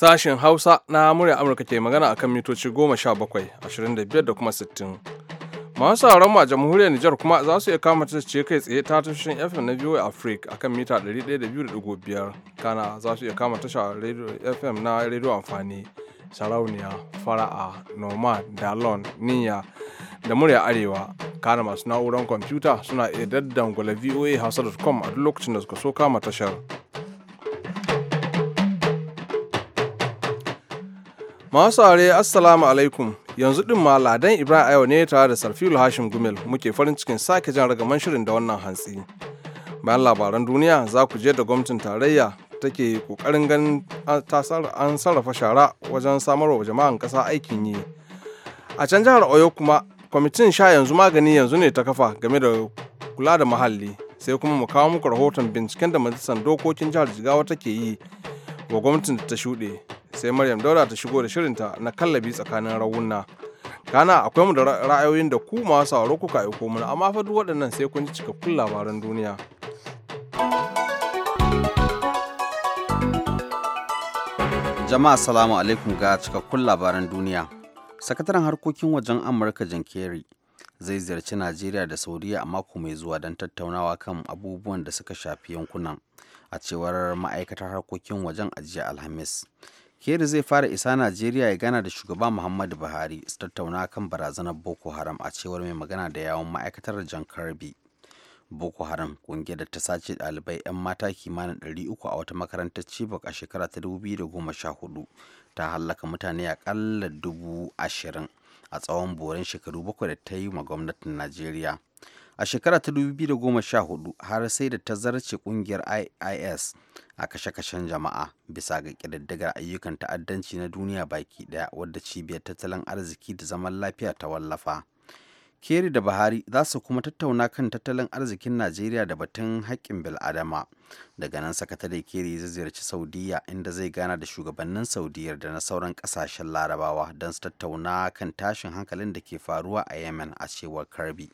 Sashen Hausa na murya Amurka ke magana akan mitoci 17, 25 da kuma 60. Masu sauran ma jamhuriyar Nijar kuma za su iya kama ce kai tsaye ta tashoshin FM na VOA Africa akan mita 102.5 kana za su iya kama tashar FM na rediyo amfani sarauniya fara'a noma dalon niyya da murya arewa kana masu na'urar kwamfuta suna iya daddangula voa hausa.com a duk lokacin da suka so kama tashar. Masu are assalamu alaikum yanzu din ma ladan Ibrahim Ayo ne tare da Sarfilu Hashim Gumel muke farin cikin sake jan ragaman shirin da wannan hantsi. Bayan labaran duniya za ku je da gwamnatin tarayya take kokarin ganin an sarrafa shara wajen samar wa jama'an kasa aikin yi. A can jihar Oyo kuma kwamitin sha yanzu magani yanzu ne ta kafa game da kula da muhalli sai kuma mu kawo muku rahoton binciken da majalisar dokokin jihar Jigawa take yi wa gwamnatin da ta shuɗe sai maryam daura ta shigo da shirinta na kallabi tsakanin rawunna kana akwai mu da ra'ayoyin da ku masu sauraro kuka aiko mana amma fa duk waɗannan sai kun ji cikakkun labaran duniya jama'a salamu alaikum ga cikakkun labaran duniya sakataren harkokin wajen amurka jan kerry zai ziyarci najeriya da sauriya a mako mai zuwa don tattaunawa kan abubuwan da suka shafi yankunan a cewar ma'aikatar harkokin wajen ajiya alhamis Keri zai fara isa Najeriya ya gana da shugaba Muhammadu Buhari su tattauna kan barazanar Boko Haram a cewar mai magana da yawon ma'aikatar John Kirby. Boko Haram ƙungiyar da ta sace ɗalibai 'yan mata kimanin 300 a wata makarantar Chibok a shekara ta 2014 ta hallaka mutane akalla 20,000 a tsawon boren shekaru bakwai da ta yi ma gwamnatin Najeriya. a shekara ta 2014 har sai da ta zarce kungiyar iis a kashe-kashen jama'a bisa ga ƙididdigar ayyukan ta'addanci na duniya baki ɗaya wadda cibiyar tattalin arziki da zaman lafiya ta wallafa keri da buhari za su kuma tattauna kan tattalin arzikin najeriya da batun haƙƙin bil'adama daga nan sakatare keri zai ziyarci saudiya inda zai gana da shugabannin saudiyar da na sauran ƙasashen larabawa don su tattauna kan tashin hankalin da ke faruwa a yemen a cewar karbi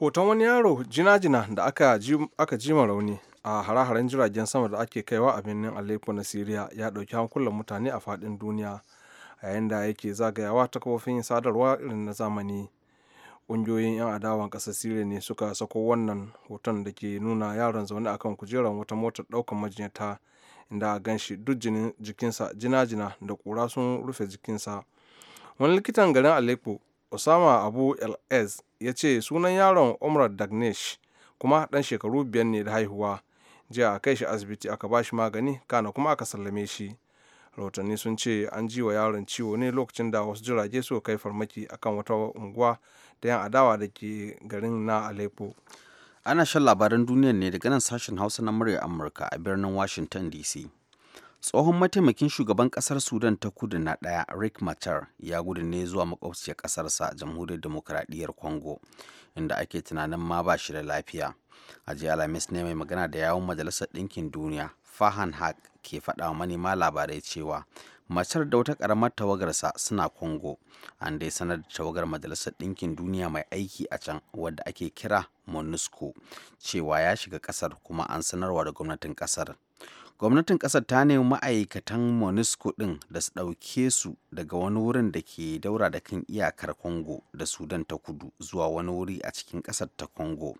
hoton wani yaro jina-jina da aka jima rauni a hare-haren jiragen sama da ake kaiwa a birnin aleppo na syria ya ɗauki hankulan mutane a faɗin duniya a yayin da yake zagayawa ta kafofin sadarwa irin na zamani ƙungiyoyin 'yan adawan ƙasar syria ne suka sako wannan hoton da ke nuna yaron zaune akan kujerar wata motar ɗaukar majinyata inda a ganshi duk jikinsa jina-jina da ƙura sun rufe jikinsa wani likitan garin aleppo osama abu ls ya ce sunan yaron umrah dagnesh kuma dan shekaru biyar ne da haihuwa jiya a kai shi asibiti aka ba shi magani kana kuma aka sallame shi rahotanni sun ce an ji wa yaron ciwo ne lokacin da wasu jirage suka kai farmaki akan wata unguwa da yan adawa da ke garin na aleppo ana shan labaran duniya ne daga nan sashen hausa na murya amurka a birnin washington dc tsohon mataimakin shugaban kasar sudan ta kudu na daya rick machar ya gudu ne zuwa makwabciyar ƙasarsa jamhuriyar demokradiyyar congo inda ake tunanin ma ba shi da lafiya a jiya alhamis ne mai magana da yawon majalisar ɗinkin duniya fahan haq ke faɗa manema labarai cewa machar da wata karamar tawagarsa suna congo an dai sanar da tawagar majalisar ɗinkin duniya mai aiki a can wadda ake kira monusco cewa ya shiga kasar kuma an sanarwa da gwamnatin kasar. gwamnatin ƙasar ta nemi ma'aikatan monusco ɗin da su ɗauke su daga wani wurin da ke daura da kan iyakar congo da sudan ta kudu zuwa wani wuri a cikin ƙasar ta congo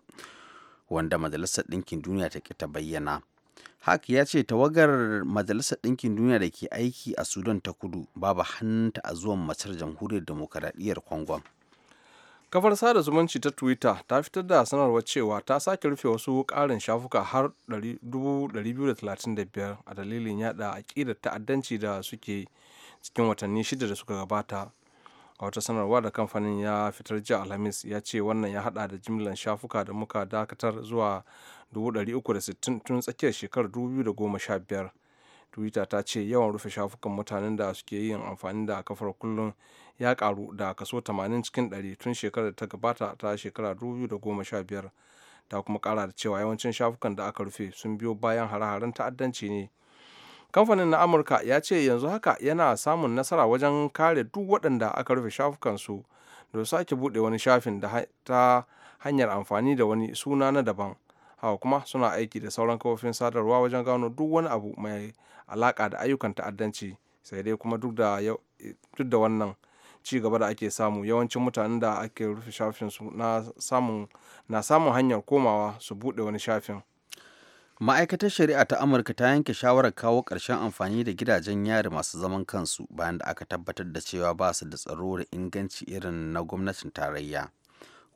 wanda majalisar ɗinkin duniya ta ta bayyana hak ya ce tawagar majalisar ɗinkin duniya da ke aiki a sudan ta kudu babu hannunta a zuwan masar jamhuriyar demokaradiyyar congo kafar sada zumunci ta twitter ta fitar da sanarwar cewa ta sake rufe wasu karin shafuka har 235 a dalilin yada aƙidar ta'addanci da suke cikin watanni shida da suka gabata a wata sanarwa da kamfanin ya fitar jiya alhamis ya ce wannan ya hada da jimlan shafuka da muka dakatar zuwa 360 tun tsakiyar shekarar 2015 twitter ta ce yawan rufe shafukan mutanen da suke yin amfani da kafar kullum ya karu da kaso 80 cikin 100 tun shekarar ta gabata ta shekara 2015 ta kuma kara da cewa yawancin shafukan da aka rufe sun biyo bayan hare-haren ta'addanci ne kamfanin na amurka ya ce yanzu haka yana samun nasara wajen kare duk waɗanda aka rufe shafukansu da sake buɗe wani shafin da ta hanyar amfani da wani suna na daban hawa kuma suna aiki da sauran kafofin sadarwa wajen gano duk wani abu mai alaka da ayyukan ta'addanci sai dai kuma duk da wannan ci gaba da ake samu yawancin mutanen da ake rufe shafin su na samun hanyar komawa su buɗe wani shafin ma'aikatar shari'a ta amurka ta yanke shawarar kawo ƙarshen amfani da gidajen yari masu zaman kansu bayan da aka tabbatar da cewa ba su da tsaro da inganci irin na gwamnatin tarayya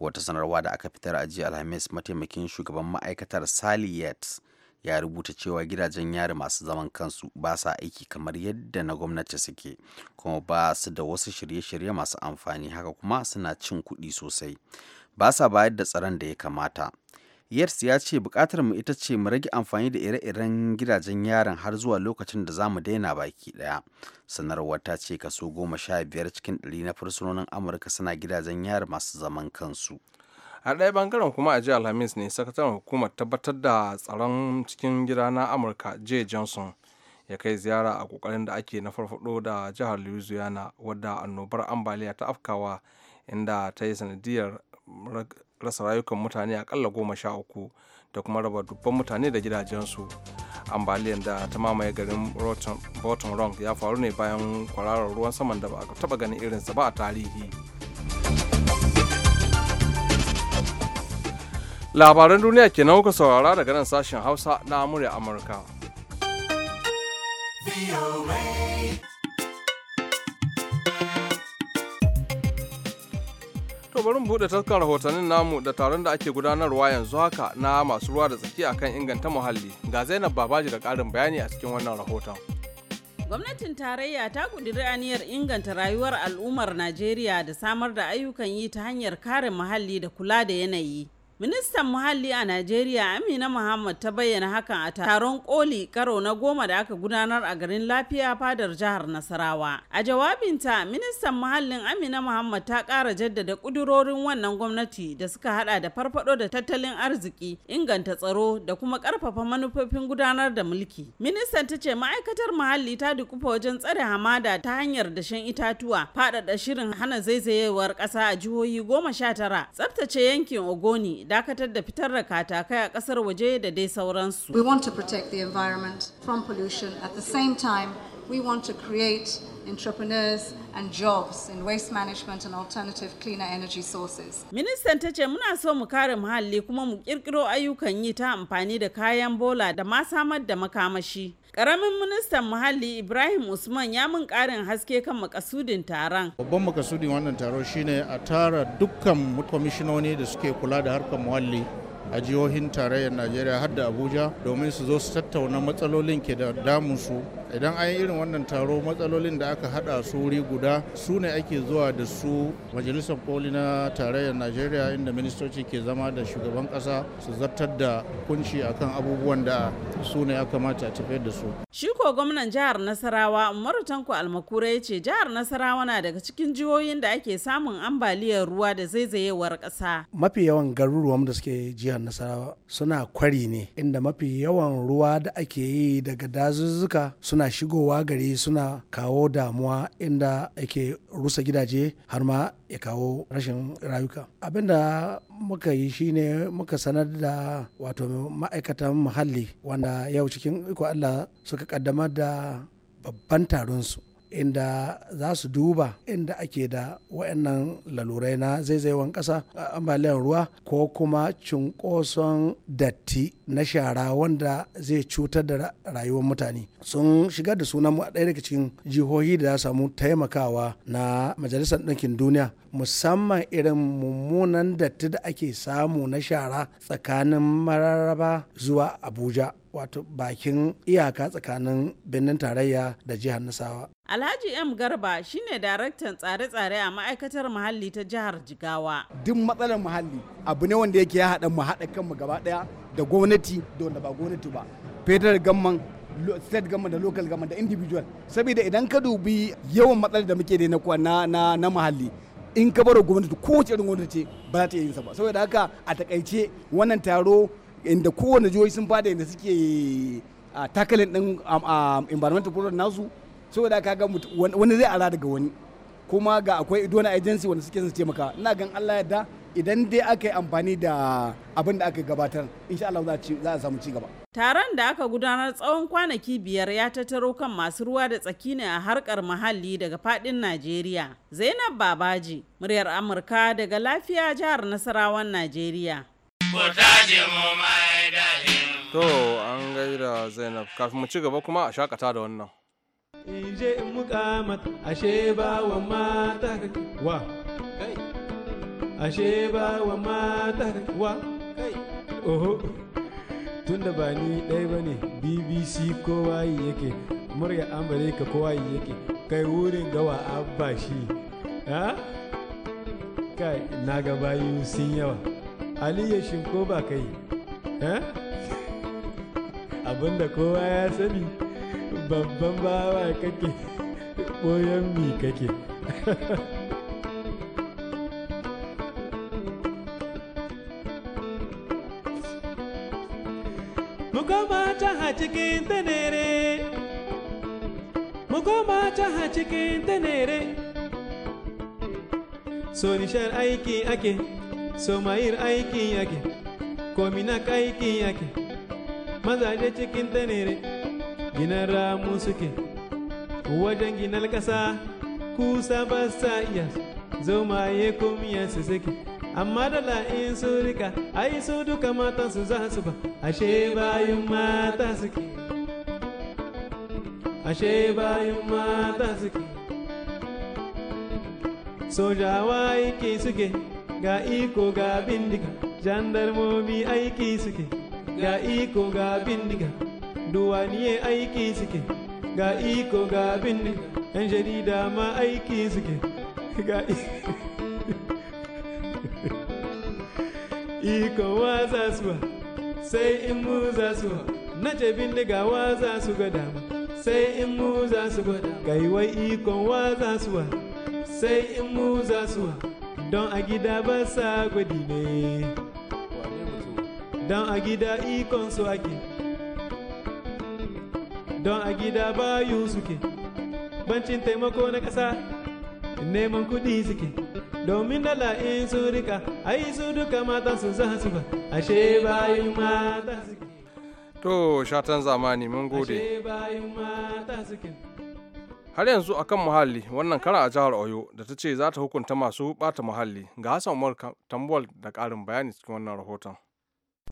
wata sanarwa da aka fitar a jiya alhamis mataimakin shugaban ma'aikatar sally yates ya rubuta cewa gidajen yari masu zaman kansu ba sa aiki kamar yadda na gwamnati suke kuma ba su da wasu shirye-shirye masu amfani haka kuma suna cin kuɗi sosai ba sa bayar da tsaron da ya kamata Yers ya ce bukatar mu ita ce mu rage amfani da ire-iren gidajen yaron har zuwa lokacin da za mu daina baki daya. Sanarwar ta ce kaso goma sha biyar cikin ɗari na fursunonin Amurka suna gidajen yari masu zaman kansu. a ɗaya bangaren kuma a jiya alhamis ne sakataren hukumar tabbatar da tsaron cikin gida na amurka jay johnson ya kai ziyara a kokarin da ake na farfado da jihar louisiana wadda annobar ambaliya ta afkawa inda ta yi sanadiyar rasa rayukan mutane akalla goma sha uku da kuma raba dubban mutane da gidajensu ambaliyar da ta mamaye garin bottom wrong ya faru ne bayan kwararar ruwan saman da ba a taba ganin irinsa ba a tarihi labaran duniya ke nan kuka saurara daga nan sashen hausa na amurya amurka haka bari bude taskar rahotannin namu da taron da ake gudanarwa yanzu haka na masu ruwa da tsaki akan inganta muhalli ga Zainab Babaji da ƙarin bayani a cikin wannan rahoton. Gwamnatin tarayya ta kudiri aniyar inganta rayuwar al'ummar Najeriya da samar da ayyukan yi ta hanyar kare muhalli da kula da yanayi. Ministan Muhalli a Najeriya Amina Muhammad ta bayyana hakan a taron koli karo na goma da aka gudanar a garin lafiya fadar jihar Nasarawa. A jawabinta, ministan muhallin Amina Muhammad ta ƙara jaddada kudurorin wannan gwamnati da suka hada da farfado da tattalin arziki, inganta tsaro da kuma ƙarfafa manufofin gudanar da mulki. Ministan ta ce ma'aikatar muhalli ta dukufa wajen tsare hamada ta hanyar dashen itatuwa, faɗaɗa shirin hana zaizayewar ƙasa a jihohi goma sha tara, tsaftace yankin Ogoni dakatar da fitar da katakai a kasar waje da dai sauransu. We want to protect the environment from pollution at the same time we want to create entrepreneurs and jobs in waste management and alternative cleaner energy sources. Ministan ta ce muna so mu kare muhalli kuma mu kirkiro ayyukan yi ta amfani da kayan bola da ma samar da makamashi Karamin ministan muhalli Ibrahim Usman ya mun karin haske kan makasudin taron. Babban makasudin wannan taro shine a tara dukkan kwamishinoni da suke kula da harkar muhalli a jihohin tarayyar Najeriya har da Abuja domin su zo su tattauna matsalolin ke da damunsu idan an yi irin wannan taro matsalolin da aka hada su wuri guda su ne ake zuwa da su majalisar koli na tarayyar najeriya inda ministoci ke zama da shugaban kasa su zartar da kunci akan abubuwan da su ne ya kamata a tafiyar da su shi ko gwamnan jihar nasarawa umaru tanko almakura ya ce jihar nasarawa na daga cikin jihohin da ake samun ambaliyar ruwa da zaizayewar kasa mafi yawan garuruwan da suke jihar nasarawa suna kwari ne inda mafi yawan ruwa da ake yi daga dazuzzuka suna suna shigowa gari suna kawo damuwa inda ake rusa gidaje har ma ya kawo rashin rayuka abin da muka yi shine muka sanar da wato ma'aikatan muhalli wanda yau cikin iko allah suka kaddamar da babban taron su inda za su duba inda ake da wa'annan lalurai na zaizayewan ƙasa ambaliyar ruwa ko kuma cunkoson datti na shara wanda zai cutar da rayuwar mutane sun shigar da sunan mu a ɗaya daga cikin jihohi da za samu taimakawa na majalisar ɗinkin duniya musamman irin mummunan datti da ake samu na shara tsakanin mararaba zuwa abuja wato bakin iyaka tsakanin birnin tarayya da jihar nasawa alhaji m garba shine daraktan tsare-tsare a ma'aikatar muhalli ta jihar jigawa duk matsalar muhalli abu ne wanda yake ya haɗa mu haɗa kanmu gaba ɗaya da gwamnati da wanda ba gwamnati ba federal gamman state gamman da local gamman da individual saboda idan ka dubi yawan matsalar da muke da na na na muhalli in ka bar gwamnati ko wace irin gwamnati ba za ta iya yin sa ba saboda haka a takaice wannan taro inda kowane jihohi sun bada inda suke a takalin din environmental program nasu saboda ka ga wani zai ara daga wani kuma ga akwai idona agency wanda suke su taimaka ina gan Allah ya da idan dai aka yi amfani da abin da aka gabatar insha Allah za a samu ci gaba taron da aka gudanar tsawon kwanaki biyar ya tattaro kan masu ruwa da tsaki ne a harkar muhalli daga fadin Najeriya Zainab Babaji muryar Amurka daga lafiya jihar Nasarawan Najeriya To an gaida Zainab kafin mu ci gaba kuma a shakata da wannan. In je in muka mata ashe ba wa mata wa kai ashe ba wa mata wa kai oho tunda ba ni ɗaya ba ne BBC kowa yi yake murya Amurka kowa yi yake kai wurin gawa abba shi ha ah? kai na yi sun yawa. aliyu shinko ba kai eh? abinda kowa ya sani babban bawa kake boyan mi kake mukoma ta ha cikin tanere mukoma ta ha cikin tanere So nishar aiki ake somayir aikin yake kominak aikin yake mazaje cikin tanere ginan ramu suke wajen ginar ƙasa kusa ba sa iya zomaye komiyansu suke amma da la'in su rika ai su duka matan su za su ba ashe bayan mata suke ashe bayan mata suke sojawa aiki suke ga iko ga bindiga jandarmomi aiki suke ga iko ga bindiga duwaniye aiki suke ga iko ga bindiga yan jarida ma aiki suke ga iko waza su sai in mu za su na ce bindiga waza su ga dama sai in mu za su ga dama ga iwai ikon wa su sai in mu za su don a gida ba sa gwadi ne don a gida ikon su ake don a gida bayu suke bancin taimako na ƙasa neman kuɗi suke domin dala in su rika yi su duka matan su za su ba ashe bayu mata suke to shatan zamani mun gode ashe bayu mata suke har yanzu akan muhalli wannan kara a jihar oyo da ta ce za ta hukunta masu bata muhalli ga hassan umar da karin bayani cikin wannan rahoton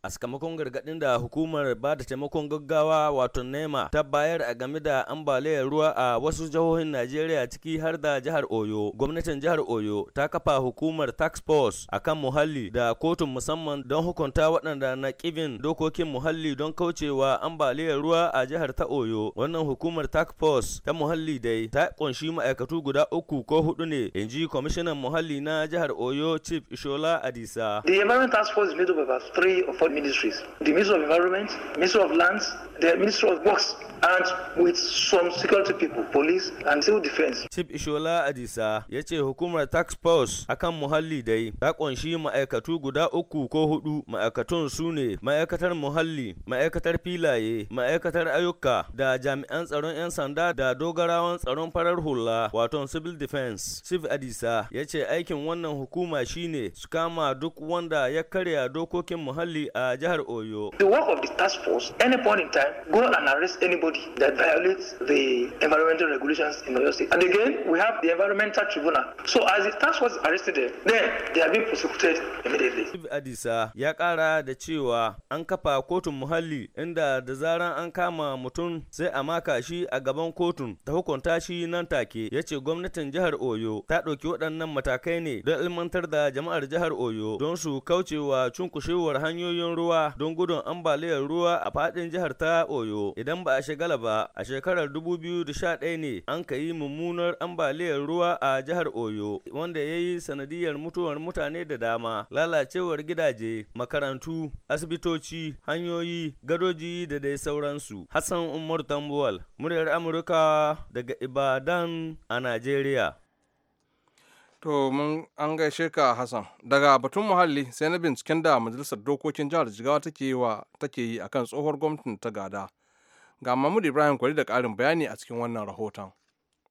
a sakamakon gargadin da hukumar ba da taimakon gaggawa wato nema ta bayar a game da ambaliyar ruwa a wasu jihohin najeriya ciki har da jihar oyo gwamnatin jihar oyo ta kafa hukumar tax force kan muhalli da kotun musamman don hukunta waɗanda na kibin dokokin muhalli don kaucewa ambaliyar ruwa a jihar ta oyo wannan hukumar tax force ta muhalli dai ta ƙunshi ma'aikatu guda uku ko hudu ne in ji kwamishinan muhalli na jihar oyo chief ishola adisa the environment task force is made up of three all ministries the Ministry of Environment, Ministry of Lands, the Ministry of Works, and with some security people, police and civil defense. Chief Ishola Adisa ya ce hukumar tax force akan muhalli dai ta kunshi ma'aikatu guda uku ko hudu ma'aikatun su ne ma'aikatar muhalli, ma'aikatar filaye, ma'aikatar ayyuka da jami'an tsaron 'yan sanda da dogarawan tsaron farar hula wato civil defense. Chief Adisa ya ce aikin wannan hukuma shine su kama duk wanda ya karya dokokin muhalli a a jihar Oyo. The work of the task force, any point in time, go and arrest anybody that violates the environmental regulations in Oyo State. And again, we have the environmental tribunal. So as the task force arrested them, then they are being prosecuted immediately. Adisa ya kara da cewa an kafa kotun muhalli inda da zaran an kama mutum sai a maka shi a gaban kotun ta hukunta shi nan take ya ce gwamnatin jihar Oyo ta ɗauki waɗannan matakai ne don ilmantar da jama'ar jihar Oyo don su kaucewa cunkushewar hanyoyin jirgin ruwa don gudun ambaliyar ruwa a fadin jihar ta Oyo. Idan ba a shigala ba, a shekarar 2011 ne an ka yi mummunar ambaliyar ruwa a jihar Oyo, wanda ya yi sanadiyar mutuwar mutane da dama, lalacewar gidaje, makarantu, asibitoci, hanyoyi, gadoji da dai sauransu. Hassan Umar Tambuwal, muryar Amurka daga Ibadan a Najeriya. To mun an gaishe ka Hassan. Daga batun muhalli sai na binciken da majalisar dokokin jihar Jigawa take yi wa take yi akan tsohuwar gwamnatin ta gada. Ga Mahmud Ibrahim kwari da ƙarin bayani a cikin wannan rahoton.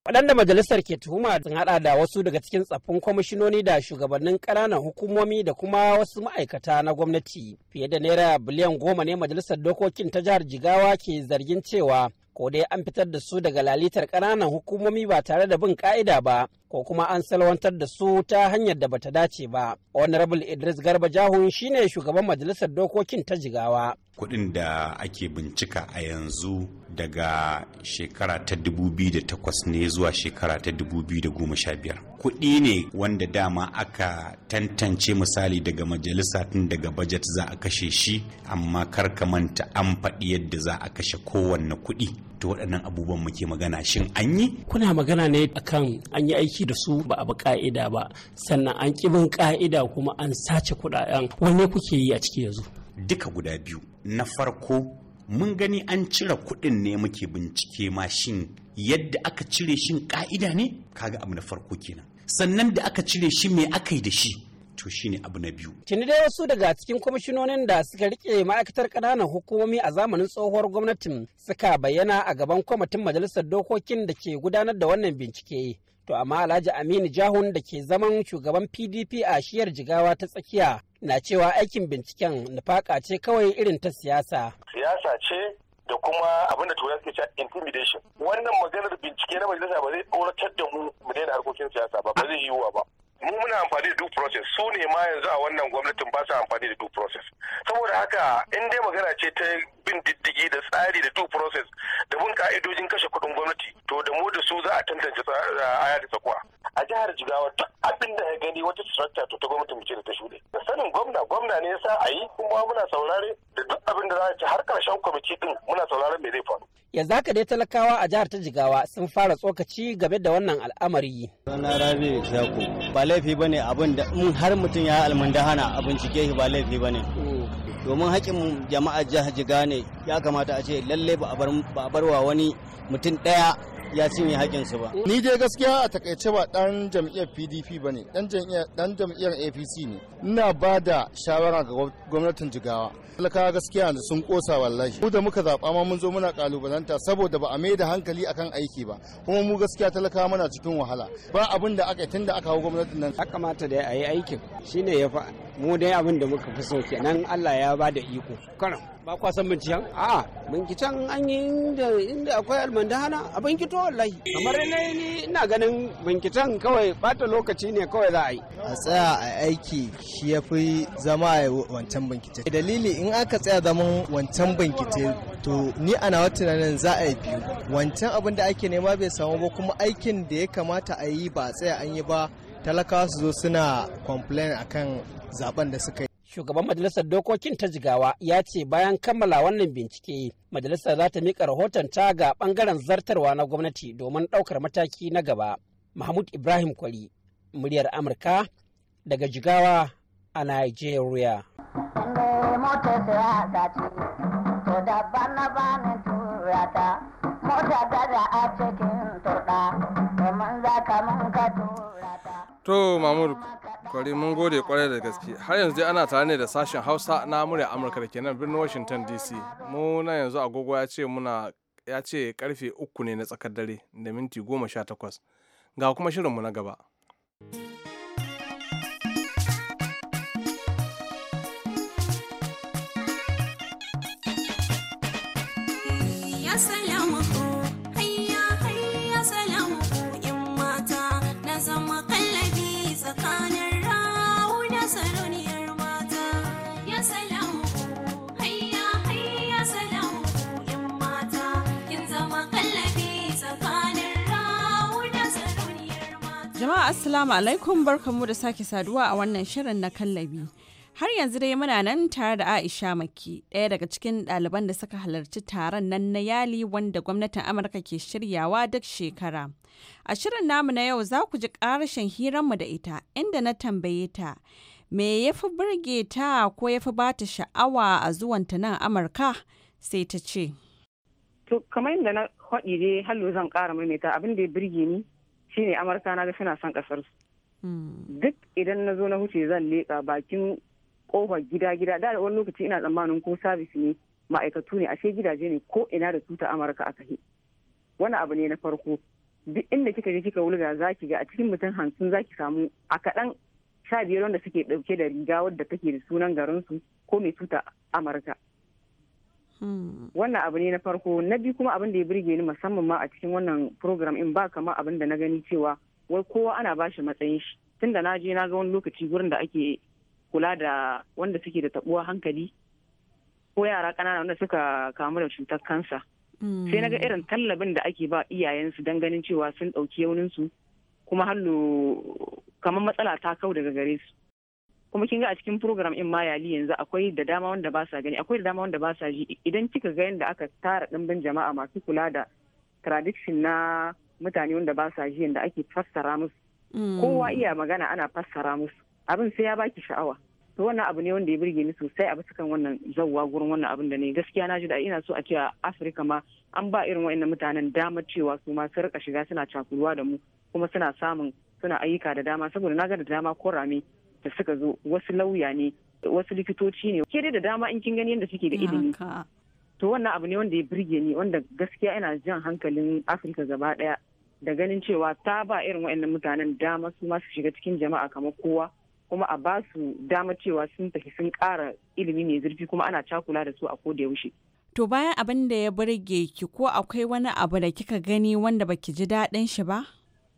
waɗanda majalisar ke tuhuma sun haɗa da wasu daga cikin tsaffin kwamishinoni da shugabannin kananan hukumomi da kuma wasu ma'aikata na gwamnati fiye da naira biliyan goma ne majalisar dokokin ta jihar jigawa ke zargin cewa ko dai an fitar da su daga lalitar kananan hukumomi ba tare da bin ka'ida ba ko kuma an salwantar da su ta hanyar da bata dace ba. Honorable Idris Garba Jahun shine shugaban majalisar dokokin ta jigawa. Kuɗin da ake bincika a yanzu daga shekara ta 2008 ne zuwa shekara ta 2015. Kuɗi ne wanda dama aka tantance misali daga majalisa tun daga bajet za a kashe shi amma kar ka manta an faɗi yadda za a kashe kowanne kuɗi. To waɗannan abubuwan muke magana shin an yi? Kuna magana ne akan an yi aiki aiki da su ba a bi ka'ida ba sannan an ƙi ka'ida kuma an sace kuɗaɗen wanne kuke yi a ciki yanzu duka guda biyu na farko mun gani an cire kuɗin ne muke bincike ma shin yadda aka cire shin ka'ida ne kaga abu na farko kenan sannan da aka cire shi me aka yi da shi to shine abu na biyu. Tuni dai wasu daga cikin kwamishinonin da suka rike ma'aikatar ƙananan hukumomi a zamanin tsohuwar gwamnatin suka bayyana a gaban kwamitin majalisar dokokin da ke gudanar da wannan bincike. To amma Alhaji Aminu Jahun da ke zaman shugaban PDP a shiyar jigawa ta tsakiya na cewa aikin binciken nufaka ce kawai irin ta siyasa. Siyasa ce da kuma abinda da turai suke cewa intimidation. Wannan maganar bincike na majalisa ba zai tsoratar da mu mu daina harkokin siyasa ba ba zai yiwuwa ba. mu muna amfani da due process su ne ma yanzu a wannan gwamnatin ba su amfani da due process saboda haka in dai magana ce ta bin diddigi da tsari da due process da bin ka'idojin kashe kuɗin gwamnati to da mu da su za a tantance aya da tsakuwa a jihar jigawa duk abin da ya gani wata structure to ta gwamnatin ce da ta shuɗe da sanin gwamna gwamna ne yasa a yi kuma muna saurare da duk abin da za a ci har ƙarshen kwamiti din muna sauraren me zai faru yanzu dai talakawa a jihar ta jigawa sun fara tsokaci game da wannan al'amari. laifi ba ne abin da har mutum ya almundahana a bincike shi ba laifi ba ne domin haƙƙin jama'a jihar jiga ne ya kamata a ce lalle ba a bar wa wani mutum ɗaya ya cinye su ba. Ni dai gaskiya a takaice ba ɗan jam'iyyar PDP ba ne, ɗan jam'iyyar APC ne. Ina ba da shawara ga gwamnatin Jigawa. Talakawa gaskiya da sun ƙosa wallahi. Mu da muka zaɓa ma mun zo muna ƙalubalanta saboda ba a mai da hankali akan aiki ba. Kuma mu gaskiya talakawa muna cikin wahala. Ba abin da aka yi tun da aka hau gwamnatin nan. Ya kamata da a yi aikin shine ya fa mu dai abin da muka fi so kenan Allah ya ba da iko. Karam. ba kwa san binciken a binciken an yi inda inda akwai almandana a binkito wallahi kamar ni ina ganin binciken kawai bata lokaci ne kawai za a yi a tsaya a aiki shi ya fi zama a wancan bincike dalili in aka tsaya zaman wancan ce to ni a nawa tunanin za a yi biyu wancan abin da ake nema bai samu ba kuma aikin da ya kamata a yi ba a tsaya an yi ba talakawa su zo suna complain akan zaben da suka yi shugaban majalisar dokokin ta jigawa ya ce bayan kammala wannan bincike majalisar za ta rahoton ta ga bangaren zartarwa na gwamnati domin ɗaukar mataki na gaba mahmud ibrahim kwari muryar amurka daga jigawa a nigeria To Mahmud Kwari mun gode kwarai da gaske. Har yanzu dai ana tare ne da sashen Hausa na murya Amurka da ke nan birnin Washington DC. Mu na yanzu agogo ya ce muna ya ce karfe uku ne na tsakar dare da minti goma sha takwas. Ga kuma shirinmu na gaba. a fool. assalamu alaikum barkamu da sake saduwa a wannan shirin na kallabi. Har yanzu dai muna nan tare da Aisha Maki, ɗaya daga cikin ɗaliban da suka halarci taron nan na Yali wanda gwamnatin Amurka ke shiryawa duk shekara. A shirin namu na yau za ku ji ƙarashin hiranmu da ita, inda na tambaye ta, me ya fi burge ta ko ya fi bata sha'awa a zuwanta nan Amurka? Sai ta ce. To, kamar yadda na haɗi dai hallo zan ƙara maimaita abin da ya burge ni shine amurka na ga suna son kasar su hmm. duk idan na zo na huce zan leƙa bakin kofar gida gida da wani lokaci ina tsammanin ko sabis ne ma'aikatu ne ashe gidaje ne ko ina da tuta amurka a yi wani abu ne na farko duk inda kika je kika wulga za ki ga a cikin mutum hamsin za ki samu a kaɗan sha biyar wanda suke ɗauke da riga wadda take da sunan garin su ko mai tuta amurka wannan abu ne na farko na biyu kuma abin da ya burge ni musamman ma a cikin wannan program in ba kama abin da na gani cewa wai kowa ana bashi matsayin shi tun da na je na ga wani lokaci wurin da ake kula da wanda suke da tabuwa hankali ko yara ƙanana wanda suka kamu da cutar kansa sai na ga irin tallabin da ake ba iyayensu don ganin cewa sun ɗauki su kuma hannu kamar matsala ta kau daga gare su kuma kin ga a cikin program in ma yali yanzu akwai da dama wanda ba sa gani akwai da dama wanda ba sa ji idan kika ga yanda aka tara dimbin jama'a masu kula da tradition na mutane wanda ba sa ji yadda ake fassara musu mm. kowa iya magana ana fassara musu abin sai ya baki sha'awa to wannan abu ne wanda ya burge ni sosai a bisa kan wannan zawwa gurin wannan abin da ne gaskiya na ji da ina so a cewa a Afirka ma an ba irin wa'annan mutanen damar cewa su ma su rika shiga suna cakulwa da mu kuma suna samun suna ayyuka da dama saboda na ga da dama ko rami. da suka zo wasu lauya ne wasu likitoci ne ke da dama in kin gani yadda suke da ilimi to wannan abu ne wanda ya birge ni wanda gaskiya ina jan hankalin afirka gaba daya da ganin cewa ta ba irin waɗannan mutanen dama su su shiga cikin jama'a kamar kowa kuma a ba su dama cewa sun tafi sun kara ilimi mai zurfi kuma ana cakula da su a ko da yaushe to bayan abin da ya burge ki ko akwai wani abu da kika gani wanda baki ji daɗin shi ba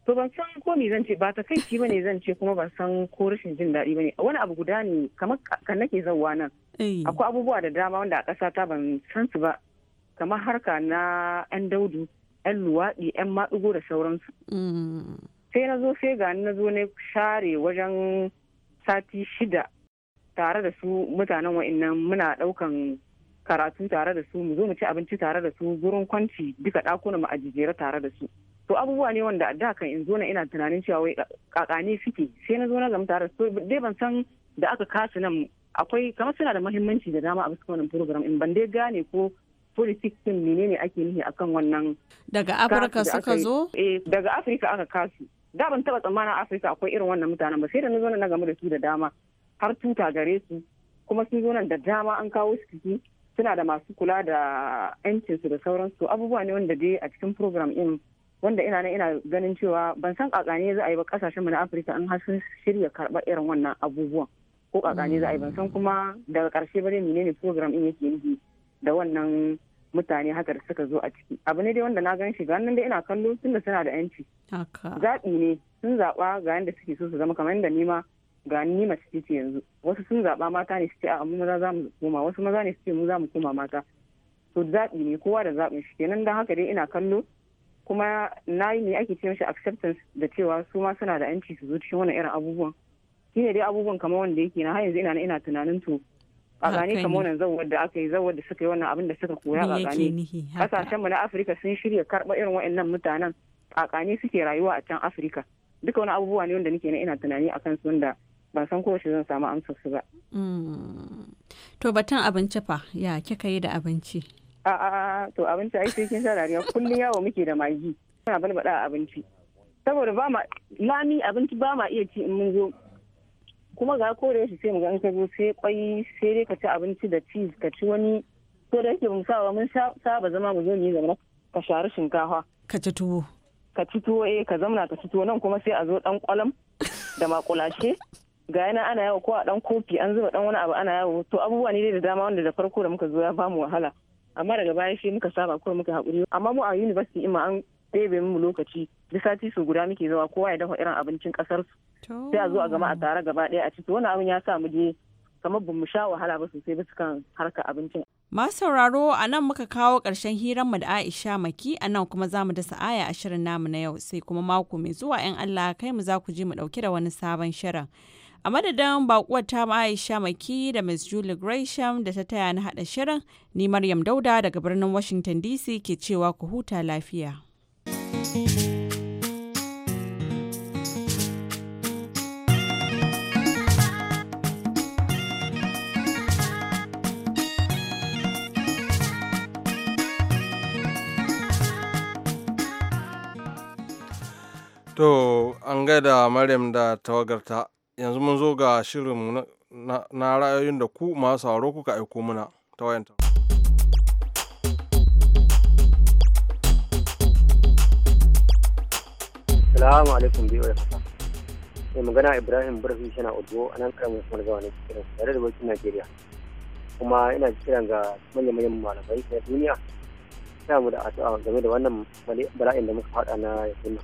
to ban san ko me zan ce ba ta kai ba ne zan ce kuma ban san ko rashin jin daɗi ba ne wani abu guda ne kamar kan nake zauwa nan eh. akwai abubuwa da dama wanda a ƙasa ta ban san su ba kamar harka na yan daudu yan luwaɗi yan maɗigo da sauransu mm. sai na zo sai ga na zo na share wajen sati shida tare da su mutanen wa'innan muna ɗaukan karatu tare da su mu zo mu ci abinci tare da su gurin kwanci duka ɗakunan mu a jijera tare da su to abubuwa ne wanda a kan in zo na ina tunanin cewa wai kakani suke sai na zo na gamta da su dai ban san da aka kasu nan akwai kamar suna da mahimmanci da dama a bisa wannan program in ban dai gane ko politics din menene ake nihi akan wannan daga afirka suka zo eh, daga afirka aka kasu da ban taba tsammanin afirka akwai irin wannan mutanen ba sai da na zo na game da su da dama har tuta gare su kuma sun zo nan da dama an kawo su ciki suna da masu kula da 'yancinsu da sauransu abubuwa ne wanda dai a cikin program in wanda ina nan ina ganin cewa ban san kakane za a yi ba kasashen mu na afirka an har sun shirya karɓar irin wannan abubuwan ko kakane za a yi ban san kuma daga karshe ba dai menene program in yake yi da wannan mutane haka da suka zo a ciki abu ne dai wanda na gan shi nan dai ina kallo tun da suna da yanci zaɓi ne sun zaɓa ga yanda suke so su zama kamar yadda nima ma ga ni mace ce yanzu wasu sun zaɓa mata ne su a mu maza za mu koma wasu maza ne su ce mu za mu koma mata to zaɓi ne kowa da zaɓin shi kenan dan haka dai ina kallo kuma na yi ne ake ce mishi acceptance da cewa su ma suna da yanci su zo cikin wani irin abubuwan shi ne dai abubuwan kamar wanda yake na har yanzu ina ina tunanin to a gane kamar wannan zawar da aka yi zawar da suka yi wannan abin da suka koya a gane kasashenmu na afirka sun shirya karɓar irin wa'annan mutanen a kane suke rayuwa a can afirka duka wani abubuwa ne wanda nake na ina tunani a kansu wanda ban san kowace zan samu amsar su ba. Mm. to batun abinci fa ya kika yi da abinci. A'a, a to abinci ai sai kin sa rariya. kullum yawo muke da magi muna a abinci saboda ba ma lami abinci ba ma iya ci in mun zo kuma ga ko da yaushe sai mu ga ka zo sai kwai sai dai ka ci abinci da cheese ka ci wani ko da yake mun sawa mun saba zama mu zo ne zama ka share shinkafa ka ci tuwo ka ci tuwo eh ka zamna ka ci tuwo nan kuma sai a zo dan kwalam da makulashe ga yana ana yawo ko a dan kofi an zuba dan wani abu ana yawo to abubuwa ne da dama wanda da farko da muka zo ya bamu wahala amma daga baya sai muka saba kuma muka haƙuri amma mu a university ma an ɗebe mu lokaci da sati su guda muke zawa kowa ya dafa irin abincin ƙasar su sai a zo a gama a tare gaba ɗaya a ciki wani abin ya sa mu je kamar bamu sha wahala ba sosai ba su kan harka abincin. Ma sauraro a nan muka kawo ƙarshen mu da Aisha Maki a nan kuma za mu dasa aya a shirin namu na yau sai kuma mako mai zuwa 'yan Allah kai mu za ku je mu ɗauki da wani sabon shirin. a madadin bakuwar ta aisha maki da ms julie gresham da ta taya na hada shirin ni maryam dauda daga birnin washington dc ke cewa ku huta lafiya To, an gaida Maryam da tawagarta yanzu mun zo ga shirinmu na ra'ayoyin da ku masu sauro kuka aiko mana ta wayan Salamu alaikum biyu da fata. Mai magana Ibrahim Burfi shana Odo a nan karamin kuma zama ne cikin tare da wakil Najeriya. Kuma ina kiran ga manyan manyan malamai na duniya. Sa mu da addu'a game da wannan bala'in da muka faɗa na yanzu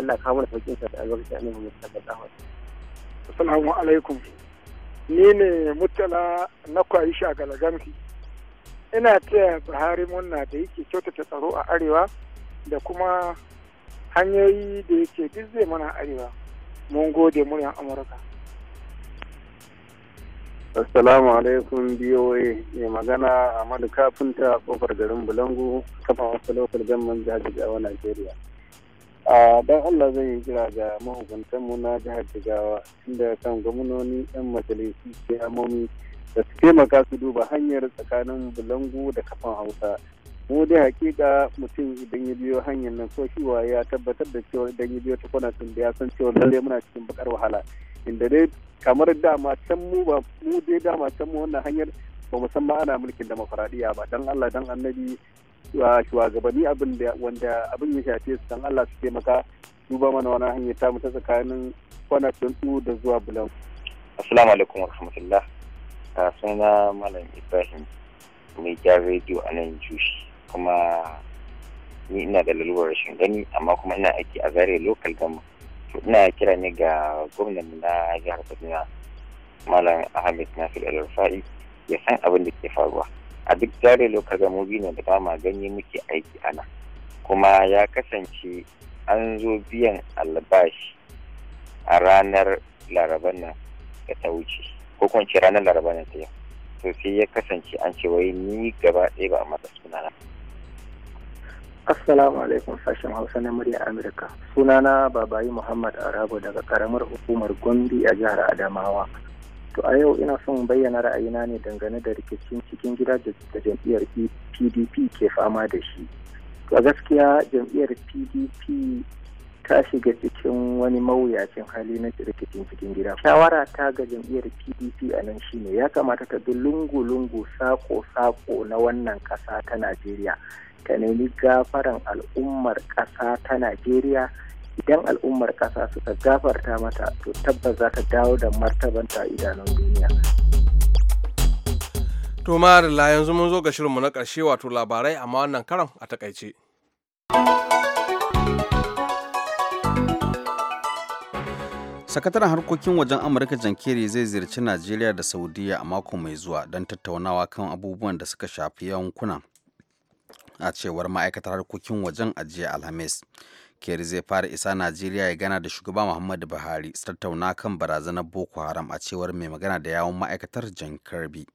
Allah kawo mana sauƙin sa da albarkacin annabi Muhammad ta alaihi Assalamu alaikum. Ni ne mutala na kwayi galagamki. Ina taya Buhari murna da yake kyautata tsaro a Arewa da kuma hanyoyi da yake duk zai mana Arewa. Mun gode muryan Amurka. Assalamu alaikum BOA mai magana madu Kafinta kofar garin Bulangu kafa wasu lokal gamman jihar Jigawa Najeriya. a don allah zai yi kira ga mu na jihar jigawa inda kan gwamnoni yan majalisi ke amomi da su taimaka su duba hanyar tsakanin bulangu da kafan hausa mu dai hakika mutum idan ya biyo hanyar nan ko shiwa ya tabbatar da cewa idan ya biyo ta kwana tun da ya san cewa lalle muna cikin bakar wahala inda dai kamar dama can mu ba mu dai dama can mu wannan hanyar ba musamman ana mulkin demokuraɗiyya ba don Allah don annabi shugabanni abin da wanda abin ya shafe su don Allah su taimaka duba mana wani hanyar tamu ta tsakanin kwana tuntu da zuwa bulan. Assalamu alaikum wa rahmatullah. Ah, Suna Malam Ibrahim mai jan rediyo a nan jushi kuma ni ina da lalurar rashin gani amma kuma ina aiki a zare lokal gama. Ina kira ne ga gwamnan na jihar Kaduna Malam Ahmed Nasir El-Rufai ke san abin da ke faruwa a duk lokar lokacin mubi ne da ba ganye muke aiki ana kuma ya kasance an zo biyan albashi a ranar laraban nan da ta wuce ko kuma ranar laraban nan ta yi to sai ya kasance an ce wai ni gaba ɗaya ba a mata sunana Assalamu alaikum sashen Hausa na murya Amurka. Sunana Babayi Muhammad Arabo daga karamar hukumar Gombe a jihar Adamawa. to a yau ina son bayyana ra'ayina ne dangane da rikicin cikin gida da jam'iyyar pdp e, ke fama da shi a gaskiya jam'iyyar pdp ta shiga cikin wani mawuyacin hali na rikicin cikin gida shawara ta ga jam'iyyar pdp a nan shi ne ya kamata ta bi lungu-lungu sako-sako na wannan ƙasa ta najeriya ta nemi gafaran al'ummar ƙasa ta najeriya idan al'ummar ƙasa suka gafarta mata to tabbas za ta dawo da martabanta idanun duniya to marilla yanzu mun zo ga shirinmu na ƙarshe wato labarai amma wannan karan a takaice sakataren harkokin wajen amurka jankeri zai ziyarci najeriya da saudiya a mako mai zuwa don tattaunawa kan abubuwan da suka shafi yankunan a cewar ma'aikatar harkokin wajen ajiya alhamis Kerry zai fara isa Najeriya ya gana da shugaba Muhammadu Buhari su tattauna kan barazanar Boko Haram a cewar mai magana da yawon ma'aikatar John Kirby.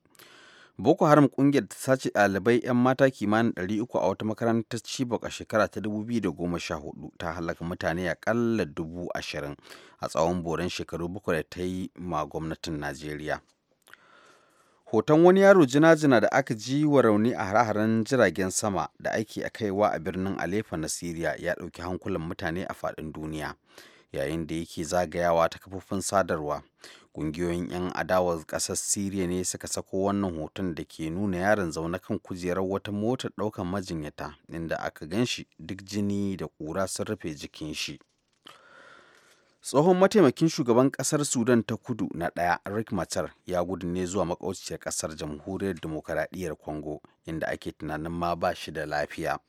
Boko Haram ƙungiyar ta sace ɗalibai 'yan mata kimanin 300 a wata makarantar Chibok a shekara ta 2014 ta halaka mutane aƙalla 20,000 a tsawon boren shekaru bakwai da ta yi ma gwamnatin Najeriya. Hoton wani yaro jina-jina da aka ji wa rauni a hare jiragen sama da ake kaiwa a birnin Aleppo na Siriya ya ɗauki hankulan mutane a faɗin duniya, yayin da yake zagayawa ta kafofin sadarwa. Ƙungiyoyin 'yan adawar ƙasar Siriya ne suka sako wannan hoton da ke nuna yaron zaune kan kujerar wata motar ɗaukar majinyata, inda aka ganshi duk jini da ƙura sun rufe jikin shi. tsohon mataimakin shugaban kasar sudan ta kudu na ɗaya rick machar ya gudu ne zuwa makauciyar kasar jamhuriyar demokaradiyyar congo inda ake tunanin ma ba shi da lafiya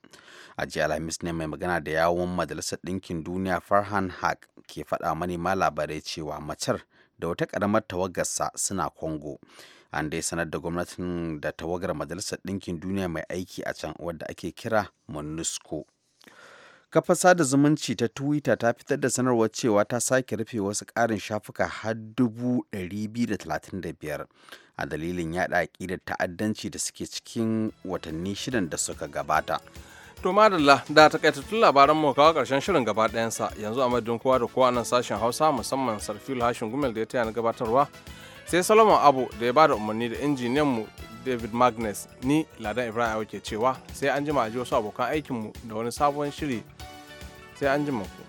a jiya alhamis ne mai magana da yawon majalisar ɗinkin duniya farhan haq ke faɗa manema labarai cewa machar da wata ƙaramar tawagarsa suna congo an dai sanar da gwamnatin da tawagar majalisar ɗinkin duniya mai aiki a can wadda ake kira monusco kafar sada zumunci ta twitter ta fitar da sanarwar cewa ta sake rufe wasu ƙarin shafuka har 235 a dalilin yada aƙidar ta'addanci da suke cikin watanni shidan da suka gabata to madalla da takaitattun labaran mu kawo karshen shirin gaba ɗayansa yanzu a madadin kowa da kowa nan sashen hausa musamman sarfil hashin gumel da ya taya na gabatarwa sai salomon abu da ya bada umarni da injiniyan mu david magnus ni ladan ibrahim ke cewa sai an jima a ji wasu abokan aikin mu da wani sabon shiri 새 안주 먹고